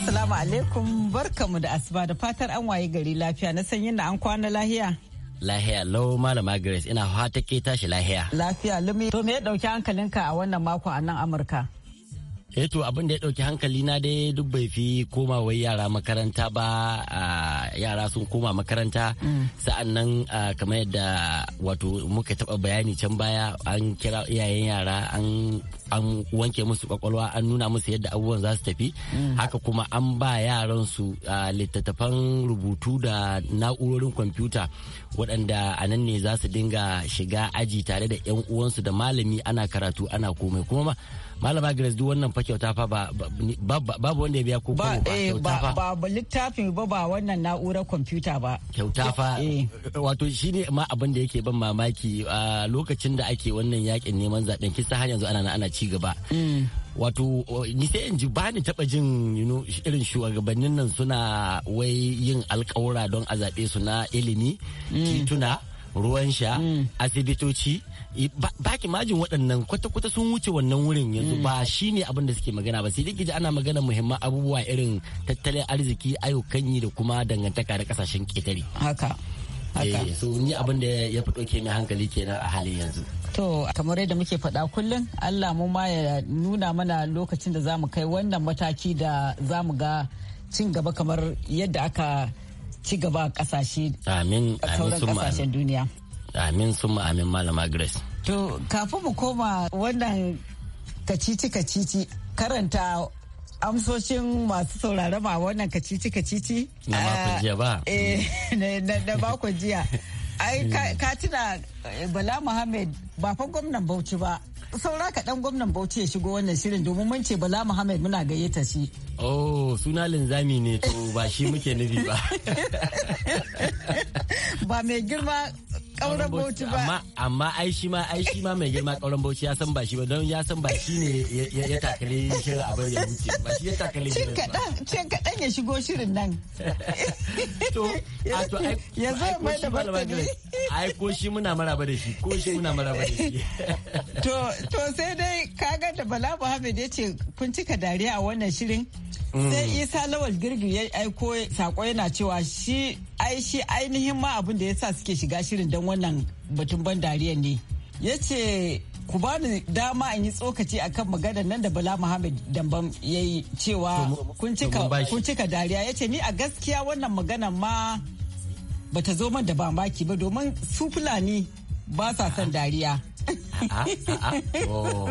Assalamu alaikum barkamu da asuba da fatar an waye gari lafiya na sanyin da an kwana lahiya. Lahiya lo malama Grace ina fata ke tashi lahiya. Lafiya lumi to me ya dauki hankalinka a wannan mako a nan Amurka? eh to abin da ya dauki hankali na dai duk bai fi wai yara makaranta ba yara sun koma makaranta mm. sa'an nan kamar yadda wato muka taba bayani can baya an kira iyayen yara an an wanke musu kwakwalwa an nuna musu yadda abubuwan za su tafi mm. haka kuma an ba yaran su littattafan rubutu da na'urorin kwamfuta waɗanda a nan ne za su dinga shiga aji tare da 'yan uwansu da malami ana karatu ana komai kuma malama grace duk wannan fa kyauta fa babu wanda ya biya ko ba eh, ba ba littafin ba ba wannan na'urar kwamfuta ba kyauta fa eh. wato shine ma abin da yake ban mamaki lokacin da ake wannan yakin neman zaben kisa har yanzu ana ana ci gaba mm. wato ni sai in ji ba ni taɓa jin irin shugabannin nan suna wai yin alkawura don a zaɓe su na ilimi mm. tituna ruwan sha mm. asibitoci ba ki majin waɗannan kwata-kwata sun wuce wannan wurin yanzu mm. ba shi ne abin da suke magana ba sai dai ana magana muhimman abubuwa irin tattalin arziki ayyukan yi da kuma dangantaka da kasashen ƙetare haka haka eh, so ni abin da ya fi ke mai hankali kenan a halin yanzu To kamar yadda muke faɗa kullum Allah mu ma ya nuna mana lokacin da za mu kai wannan mataki da za mu ga cin gaba kamar yadda aka ci gaba a ƙasashe. Amin. A sauran duniya. Amin sun amin malama Grace. To kafin mu koma wannan kacici kacici karanta amsoshin masu saurare ma wannan kacici kacici. Na makon jiya ba. Eh, na makon jiya. ai hmm. ka tuna eh, bala muhammad ba fa gwamnan bauchi ba saura kaɗan gwamnan bauchi ya shigo wannan shirin domin mun ce bala muhammad muna gayyata shi oh suna linzami ne to ba shi muke nufi ba ba mai girma kauran bauchi ba amma Aishi ai shi ma ai shi ma mai girma kauran bauchi ya san ba shi ba don ya san ba shi ne ya takale shirin abin ya wuce ba shi ya takale shirin ba ce kaɗan ya shigo shirin nan to a to ai ya mai da martani ai ko shi muna maraba da shi ko shi muna maraba da shi to to sai dai kaga da Bala Muhammad ya ce kun cika dariya a wannan shirin sai mm. isa lawal girgi ya aiko sako yana cewa shi ai shi ainihin ma abin da ya sa suke shiga shirin don wannan batun ban dariya ne ya ce ku ba dama in yi tsokaci akan maganar nan da bala muhammad damban ya yi cewa kun cika dariya ya ce ni a gaskiya wannan magana ma bata zo man da bambaki ba domin su fulani ba sa son dariya ah, ah, ah, oh.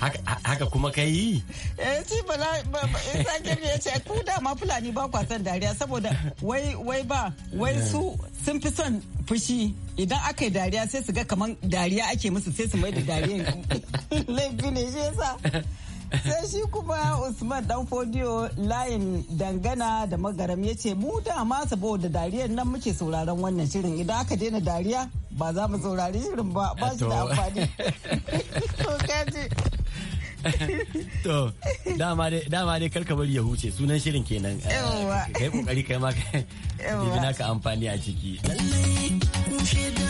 haka kuma ka yi? Eh ba bala sake ya ce ku dama Fulani ba kwa son dariya saboda wai wai ba wai su sun fi son fushi idan aka yi dariya sai su ga kamar dariya ake musu sai su mai da dariya laifi ne shi yasa sai shi kuma usman dan fodiyo layin dangana da magaram ya ce mu dama saboda dariyan nan muke sauraron wannan shirin idan aka daina dariya ba za mu saurari shirin ba ba shi da amfani to dama dai dama dai karka bari ya huce sunan shirin kenan eh, kai kokari kai ma kai naka amfani a ciki lallai da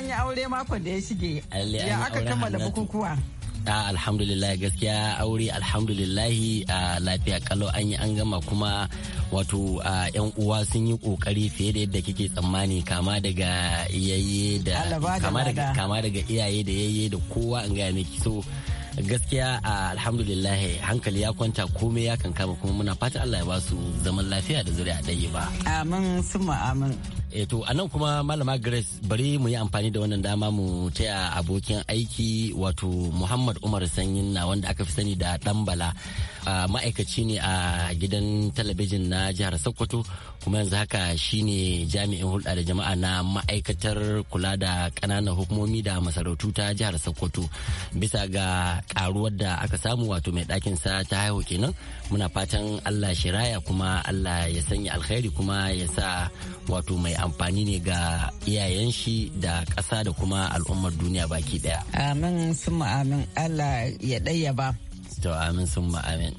an yi aure makon da ya shige ya aka kammala bukukuwa alhamdulillah gaskiya aure alhamdulillah a lafiya kalau an yi an gama kuma wato yan uwa sun yi kokari fiye da yadda kike tsammani kama daga iyaye da kama daga iyaye da yayye da kowa an gaya miki so gaskiya alhamdulillah hankali ya kwanta komai ya kankama kuma muna fatan Allah ya ba su zaman lafiya da a ɗaya ba. Amin sun amin. E to a kuma malama Grace bari mu yi amfani da wannan dama mu taya abokin aiki wato Muhammad Umar Sanyin na wanda aka fi sani da Dambala ma'aikaci ne a gidan talabijin na jihar Sokoto kuma yanzu haka shine jami'in hulɗa da jama'a na ma'aikatar kula da ƙananan hukumomi da masarautu ta jihar Sokoto bisa ga karuwar da aka samu wato mai ɗakin sa ta haihu kenan muna fatan allah shiraya kuma allah ya sanya alkhairi kuma ya sa wato mai amfani ne ga iyayen shi da ƙasa da kuma al'ummar duniya baki ɗaya. amin sun amin allah ya ɗayyaba. to amin sun amin.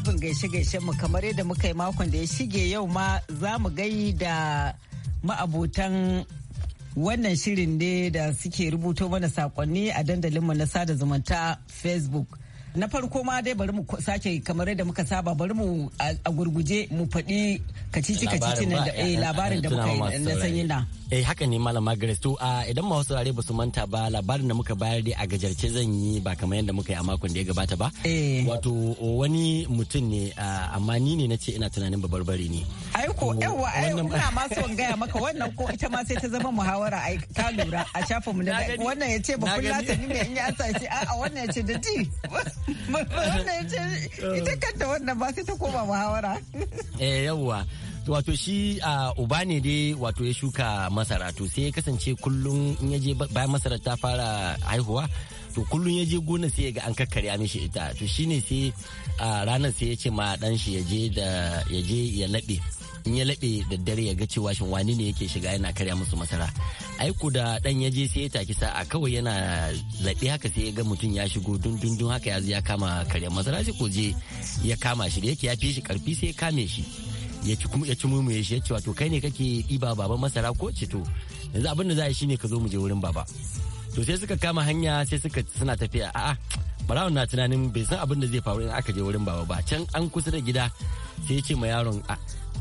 babin gaishe-gaishe mu kamar yadda muka yi makon da ya shige yau ma za mu gai da ma'abotan wannan shirin ne da suke rubuto mana sakonni a dandalinmu na sada zumunta facebook na farko ma dai bari mu sake kamar yadda muka saba bari mu a gurguje mu faɗi kacici kacici na eh, eh, labarin da muka yi na sanyi na eh haka ne Malam grace to idan ma wasu ba su manta ba labarin da muka bayar dai a gajarce zan yi ba kamar yadda muka yi a makon da ya gabata ba eh. wato wani mutum ne amma ni ne nace ina tunanin babarbare ne ai ko yawa ai ina ma so in gaya maka wannan ko ita ma sai ta zama muhawara ai ka lura a shafin mu wannan yace ba kullata ni ne in ya sace a wannan yace da di ita kanta wannan ba ta koma muhawara eh yawwa wato shi a uba ne dai wato ya shuka masara to sai ya kasance kullum in ya je bayan masara ta fara haihuwa to kullum ya je gona sai ya ga an a mishi ita to shine sai a ranar sai ya ce ma dan shi ya je ya je ya laɓe in ya laɓe da dare ya ga cewa shin wani ne yake shiga yana karya musu masara aiko da dan ya je sai ya taki sa'a kawai yana laɓe haka sai ya ga mutum ya shigo dundundun haka ya ya kama karya masara sai ko je ya kama shi da yake ya fi shi karfi sai ya kame shi ya ci kuma ya ci mumuye shi ya ce wato kai ne kake ɗiba baba masara ko ce to yanzu abin za a yi shine ka zo mu je wurin baba to sai suka kama hanya sai suka suna tafiya a'a Brown na tunanin bai san abin da zai faru in aka je wurin baba ba can an kusa da gida sai ya ce ma yaron a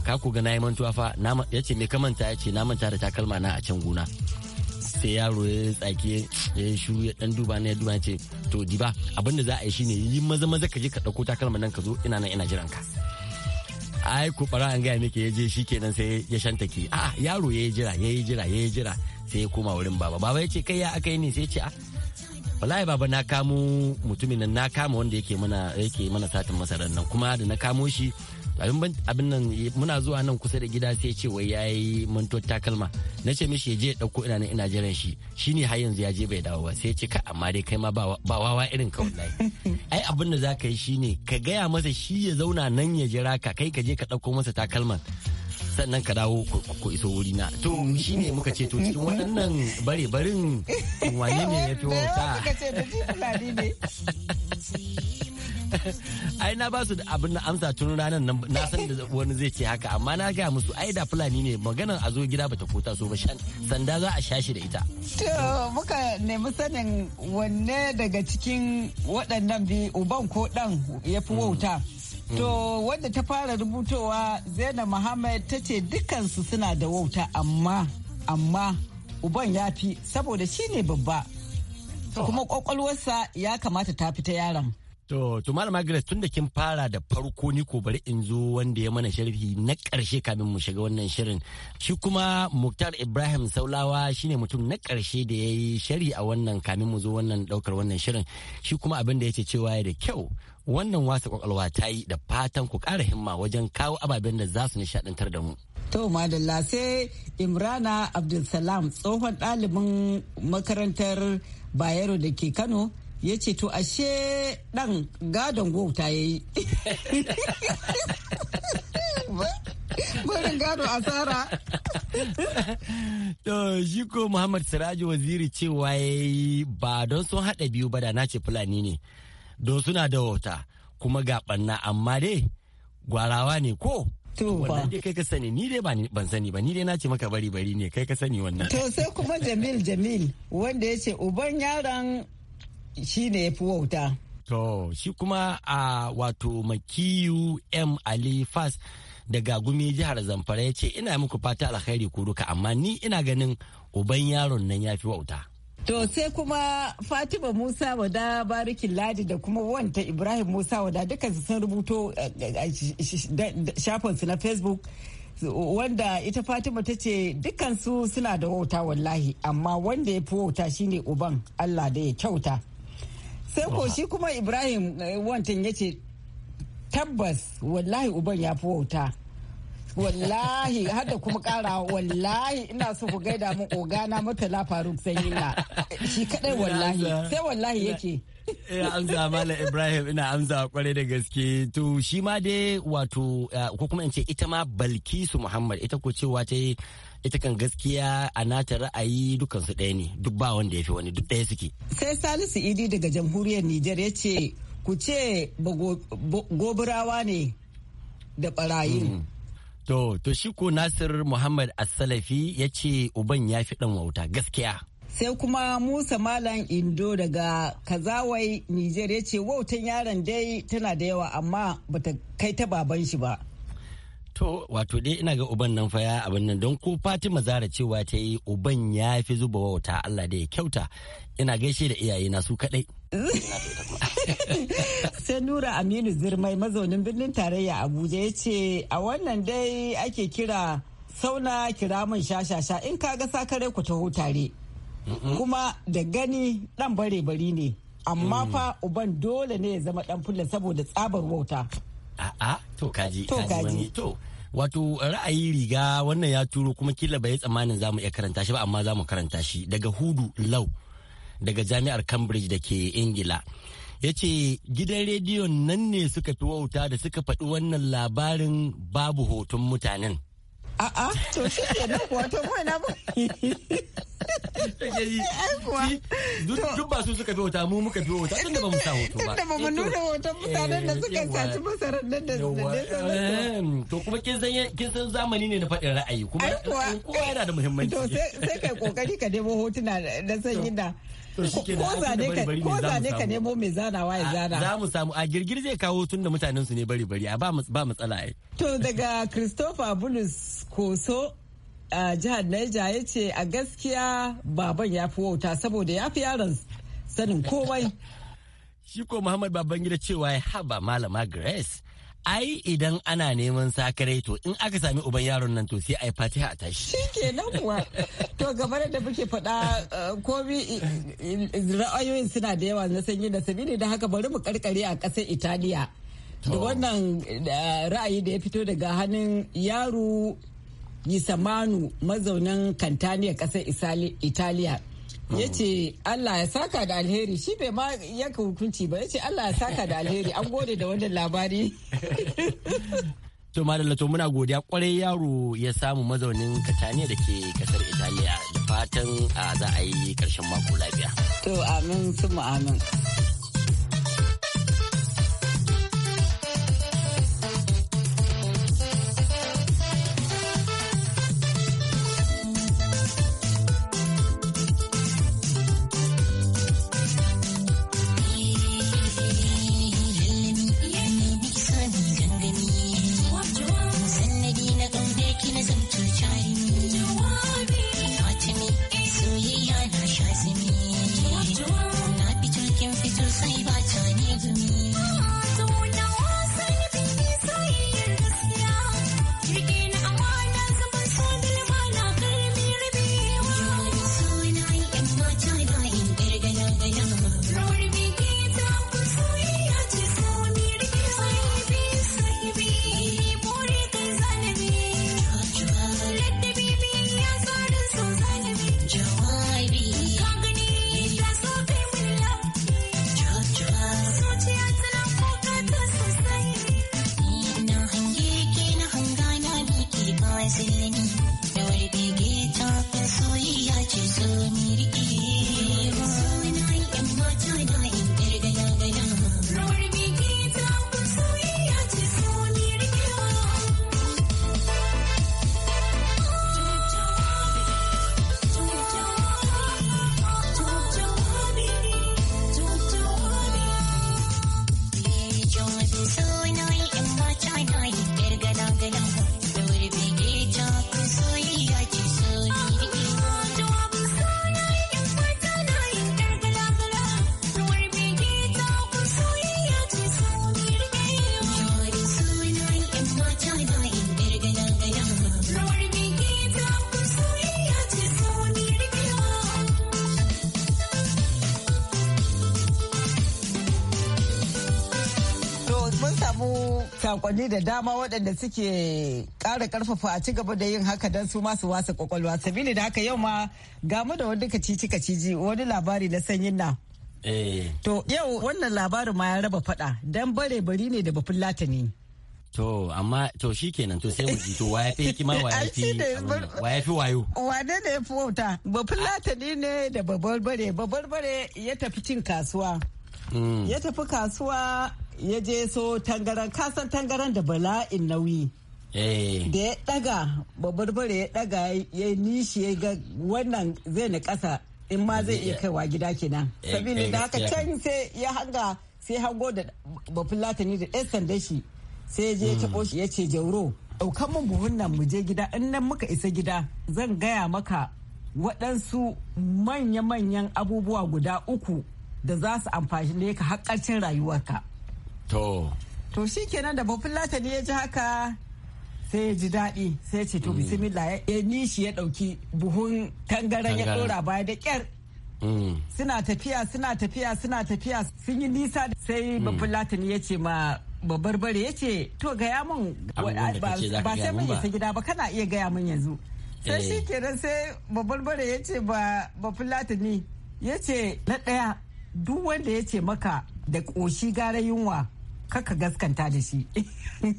ka ku ga nayi mantuwa fa ya ce me ka manta ya ce na manta da takalma na a can gona sai yaro ya tsaki ya shuru ya dan duba na ya duba ce to diba abin da za a yi shine yi maza maza ka je ka dauko takalma nan ka zo ina nan ina jiran ka ai ku bara an gaya miki ya je shi kenan sai ya shantake a yaro ya yi jira ya yi jira ya yi jira sai ya koma wurin baba baba ya ce kai ya aka yi ne sai ya ce a wallahi baba na kamo mutumin nan na kama wanda yake mana yake mana satin masarar nan kuma da na kamo shi abin nan muna zuwa nan kusa da gida sai ce wai yayi manto takalma na ce mishi je dauko ina nan ina jiran shi shine har yanzu ya je bai dawo ba sai ce ka amma dai kai ma ba wawa irin ka wallahi ai abin da zaka yi shine ka gaya masa shi ya zauna nan ya jira ka kai ka je ka dauko masa takalman sannan ka dawo ku iso wuri na to shi ne muka ce to cikin waɗannan bare barin wane ne ya fi wauta ai na ba su da abin na amsa tun ranar nan na san da wani zai ce haka amma na gaya musu ai da fulani ne maganar a zo gida bata kota so ba sanda za a shashi da ita to muka nemi sanin wanne daga cikin waɗannan bi uban ko ɗan ya fi wauta To wadda ta fara rubutowa Zainab Muhammad ta ce dukansu suna da wauta amma amma uban ya fi saboda shi ne babba. Kuma kwakwalwarsa ya kamata ta fi ta yaron. To, to Malam Agnes tun da kin fara da farko ni ko bari in zo wanda ya mana sharhi na ƙarshe kamin mu shiga wannan shirin. Shi kuma Muktar Ibrahim Saulawa shine mutum na ƙarshe da ya yi sharhi a wannan kamin mu zo wannan ɗaukar wannan shirin. Shi kuma abin da ya ce cewa ya da kyau. wannan wasa kwakwalwa ta yi da fatan ku ƙara himma wajen kawo ababen da za su nishaɗantar da mu. To madalla sai Imrana Abdulsalam tsohon ɗalibin makarantar Bayero da ke Kano ya ce to ashe ɗan gadon gwauta ya yi. barin gado asara. To shi ko Muhammad Siraju waziri cewa ya yi ba don sun haɗa biyu ba da na ce Fulani ne. don suna da wauta kuma ga ɓanna amma dai gwarawa ne ko wannan dai kai ka sani ni dai ban sani ba ni dai na ce maka bari bari ne kai ka sani wannan to sai kuma jamil jamil wanda ya ce uban yaron shi ne ya fi wauta to shi kuma a wato makiyu m ali fas daga gumi jihar zamfara ya ce ina muku fata alkhairi ku duka amma ni ina ganin uban yaron nan ya fi wauta To sai kuma Fatima Musa wada barikin ladi da kuma wanta Ibrahim Musa wada su sun rubuto eh, eh, eh, shafinsu na Facebook wanda ita Fatima ta ce dukansu suna da wauta wallahi amma wanda ya fi wauta shine uban Allah da ya kyauta. Sai ko shi kuma Ibrahim wantan ya ce tabbas wallahi uban ya fi wauta wallahi har da kuma kara wallahi ina so ku gaida mu ogana murtala faruk sanyina shi kadai wallahi sai wallahi yake ina amsa mala ibrahim ina amsa kwarai da gaske to shi ma dai wato eh, ko kuma in ce ita ma balkisu muhammad ita ko cewa ta ita kan gaskiya a nata ra'ayi su ɗaya ne duk ba wanda ya fi wani duk ɗaya suke sai salisu idi daga jamhuriyar nijar ya ce ku ce gobirawa ne da barayin mm. To, to shi ko Nasir Muhammad Assalafi ya ce uban ya fi ɗan wauta gaskiya. Sai kuma Musa Malam Indo daga Kazawai, Nijar ya ce wautan yaron dai tana da yawa amma bata kai ta baban shi ba. To, wato dai ina ga uban nan faya abin nan don ko Fatima Zara cewa ta yi uban ya fi zuba wauta Allah da ya kyauta ina gaishe da iyaye na su kaɗai. sai nura aminu zirmai mazaunin birnin tarayya abuja ya ce a wannan dai ake kira sauna kira min shashasha in ka kaga sakare ku taho tare kuma da gani dan bare bari ne amma mm. fa uban dole ne ya zama dan fulla saboda tsabar wauta a'a to kaji to kaji to wato ra'ayi riga wannan ya turo kuma kila bai tsammanin zamu iya karanta shi ba amma zamu karanta shi daga hudu lau daga jami'ar Cambridge da ke Ingila. Ya ce gidan rediyon nan ne suka fi wauta da suka faɗi wannan labarin babu hoton mutanen. A'a, to shi ke nan wato mai na ba. Duk ba su suka fi wauta, mu muka fi wauta. tun da ba mu sa hoto ba. Tun da ba mu nuna hoton mutanen da suka eh, saci masarar nan da To kuma kin san zamani ne na faɗin ra'ayi kuma kowa yana da muhimmanci. To sai kai kokari ka nemo hotuna na sanyi da to ko zane ka ka nemo mai zanawa ya zana za mu samu a girgir zai kawo tun da mutanen su ne bari bari a ba matsala ai to daga Christopher Bulus Koso a jihar Niger ya ce a gaskiya baban ya fi wauta saboda ya fi yaron sanin komai shi ko Muhammad Babangida cewa ya haba malama Grace ai idan ana neman sakare to in aka sami uban yaron nan to sai ai fatiha a tashi shikenan kuwa to game da muke faɗa bi eh, ra'ayoyin suna da yawa na sanyi da sabili da haka bari mu karkare a ƙasar italiya da wannan eh, ra'ayi da ya fito daga hannun yaro yisamanu mazaunan kantaniya ƙasar italiya ya ce Allah ya saka da alheri shi bai ma yanka hukunci ba ya ce Allah ya saka da alheri an gode da wannan labari to da to muna godiya kwarai yaro ya samu mazaunin kataniya da ke kasar italiya fatan ah, za a yi karshen mako lafiya to amin mu amin sakonni da dama waɗanda suke ƙara ƙarfafa a ci gaba da yin haka don su masu wasa kwakwalwa sabili da haka yau ma gamu da wani kacici kaciji wani labari na sanyin na eh. to yau wannan labarin ma ya raba faɗa don bare bari ne da bafin latani To, amma to shi kenan to sai mu ji to wa ya fi hikima wa ya fi wa ya fi wayo. Wane ne ya fi wauta? Bafin latani ne da babbar bare, babbar bare ya tafi cin kasuwa. Hmm. Ya tafi kasuwa ya je so tangaran kasan tangaran da bala'in nauyi eh. da ya daga babbar ya daga ya nishi ya ga wannan zai na kasa in ma zai iya eh. kaiwa gida kenan eh, sabili da haka can sai ya hanga sai hango da bafulatani da ɗan sanda shi sai ya je ya taɓo shi ya ce jauro ɗaukan mun buhun nan mu je gida in nan muka isa gida zan gaya maka waɗansu manya-manyan abubuwa guda uku da za su amfani da ka haƙƙacin rayuwarka To. To shi kenan da bafin latani ya ji haka sai ya ji daɗi sai ce to mm. bismillah ya nishi ya ɗauki buhun tangaran ya ɗora baya da ƙyar. Mm. Suna tafiya suna tafiya suna tafiya sun yi nisa sai mm. bafin latani ya ce ma babbar bare ya ce to gaya min ba sai mun isa gida ba kana iya gaya min yanzu. Sai eh. shi kenan sai babbar bare ya ce ba bafin latani ya ce na ɗaya duk wanda ya ce maka da ƙoshi gara yunwa. kaka gaskanta da shi.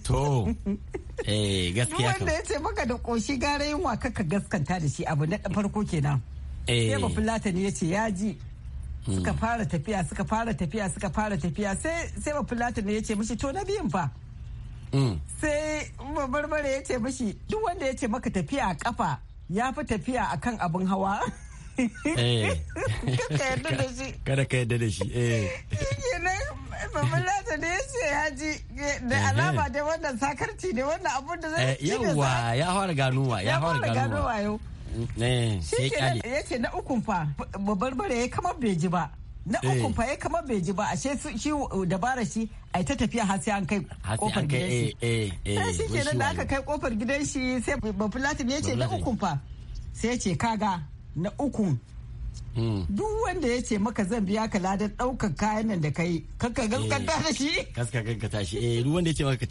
To, eh gaskiya kan. ya ce maka da ƙoshi gara yin wa kaka gaskanta da shi abu na farko kenan. Eh. Sai bafulata ne ya ce ya ji. Hmm. Suka fara tafiya, suka fara tafiya, suka fara tafiya, sai sai bafulata ne ya ce mishi to na biyun fa. Hmm. Sai barbare ya ce mishi duk wanda ya ce maka tafiya a kafa ya fi tafiya a kan abin hawa. Eh. Kada ka yadda da shi. Kada ka yadda da shi. Eh. babban da ne ce ya ji da eh, alama da wannan sakarci ne wannan abun da zai ci eh, yawwa ya fara ganuwa ya fara ganuwa yau shi ke ya ce na ukun fa babbar bare ya kamar bai ji ba na eh. ukun fa ya kamar bai ji ba ashe shi uh, dabara shi ai ta tafiya har sai an kai kofar gidan shi sai shi ke nan da aka kai kofar gidan shi sai babban ya ce na ukun fa sai ya ce kaga na ukun duk wanda ya ce maka zan biya ka ladan daukan kayan nan da kai kakka gaskata da eh, shi kaska gaskata shi eh duk wanda ya ce maka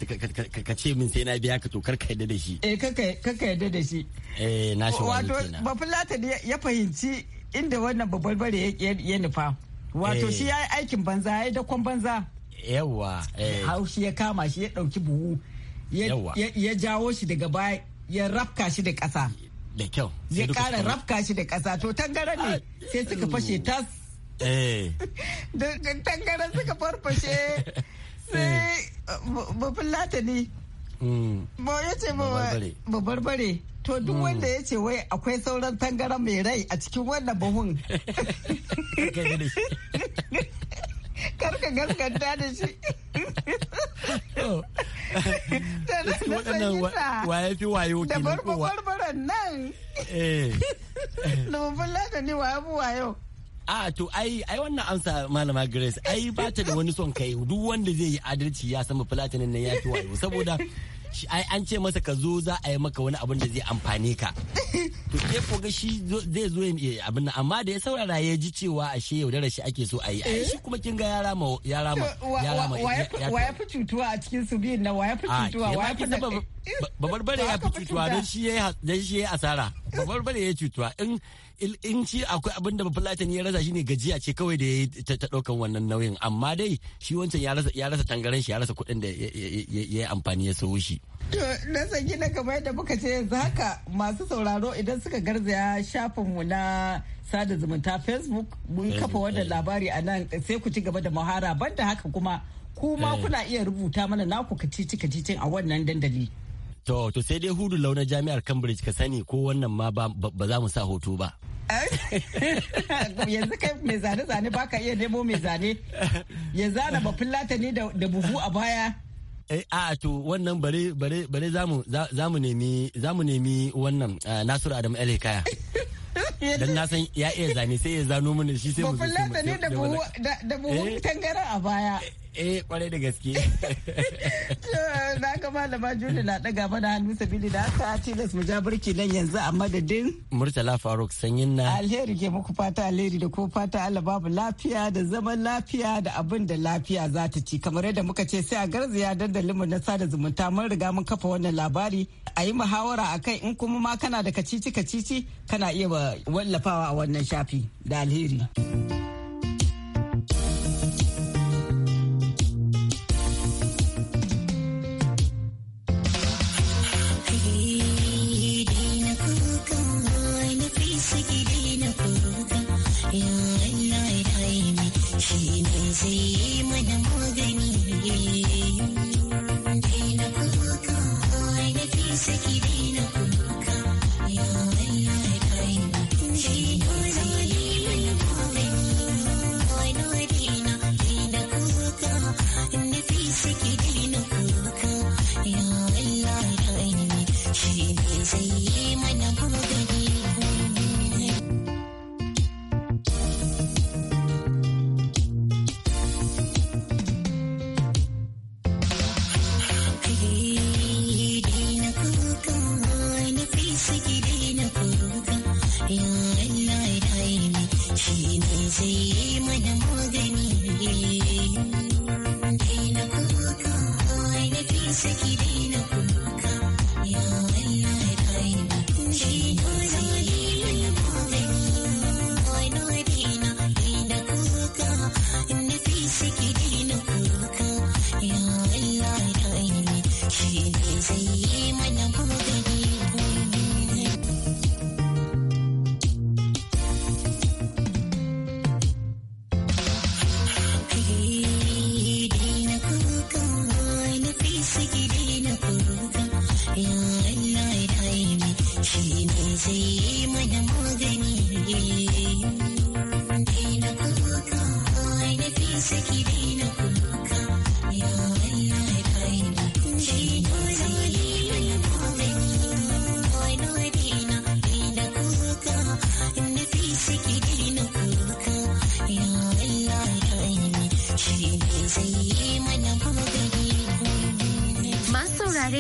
ka ce min sai na biya ka to karka yadda da shi eh kakka yadda da shi eh na shi wato bafulata ya fahimci inda wannan babbar bare ya nufa wato eh. shi ya yi aikin banza ya yi dakon banza yawa eh. shi ya kama shi ya dauki buhu ya jawo shi daga baya ya rafka shi da ƙasa da kyau zai kara rafka shi da ƙasa to tangara ne sai suka fashe tas eh. tangara suka farfashe sai eh. uh, bafulata latani. Mm. ba ya ce ba barbare to duk mm. wanda ya ce wai akwai sauran tangara mai rai a cikin wannan bahun karka gaskanta da shi waɗannan waye fi wayo da barbaran nan eh. da babban ne waye fi wayo a to ai ai wannan amsa malama grace ai ba ta da wani son kai duk wanda zai yi adalci ya san platinum na ya fi wayo saboda shi ai an ce masa ka zo za a yi maka wani abin da zai amfane ka to ke ko ga shi zai zo ya abin nan amma da ya saurara ya ji cewa a ashe yaudara shi ake so a yi ai shi kuma kin ga ya rama ya rama ya rama wa ya fi cutuwa a cikin su biyun na wa ya fi cutuwa wa ya fi babar bare ya fi cutuwa don shi ya yi asara babar bare ya cutuwa in in ci akwai abin da bafulatan ya rasa shine gajiya ce kawai da ya ta ɗaukan wannan nauyin amma dai shi wancan ya rasa tangaren shi ya rasa kuɗin da ya yi amfani ya sawo shi. To na san gina kamar yadda muka ce yanzu haka masu sauraro idan suka garzaya shafinmu na sada zumunta facebook mun kafa wannan eh. labari a nan sai ku ci gaba da muhara banda haka kuma kuma eh. kuna iya rubuta mana naku kacici kacicin a wannan dandali. To, to sai dai hudu launar jami'ar Cambridge ka sani ko wannan ma ba za mu sa hoto ba. Eh? yanzu kai mai zane-zane baka iya nemo mai zane ya zana ba ne da buhu a baya eh, a to wannan bare bare zamu nemi zamu nemi wannan eh, Nasiru Adamu El kaya dan na san ya iya zane sai ya zano mana shi sai mu zo da buhu da buhu tangara a baya eh kwarai da gaske na ga malama juli na daga mana hannu sabili da aka tilas mu ja birki nan yanzu a madadin murtala faruk sanyin na alheri ke muku fata alheri da ko fata allah babu lafiya da zaman lafiya da abin da lafiya za ta ci kamar yadda muka ce sai a garzaya dandalin mu na sada zumunta mun riga mun kafa wannan labari a yi muhawara a kai in kuma ma kana da kacici kacici kana iya wallafawa a wannan shafi da alheri.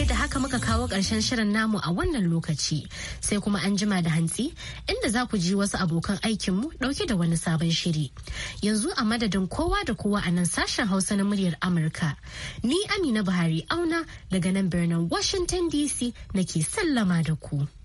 da haka muka kawo ƙarshen shirin namu a wannan lokaci sai kuma an jima da hantsi inda za ku ji wasu abokan aikinmu ɗauke da wani sabon shiri. Yanzu a madadin kowa da kowa a nan sashen Hausa na muryar Amurka. Ni Amina Buhari Auna daga nan birnin Washington DC nake sallama da ku.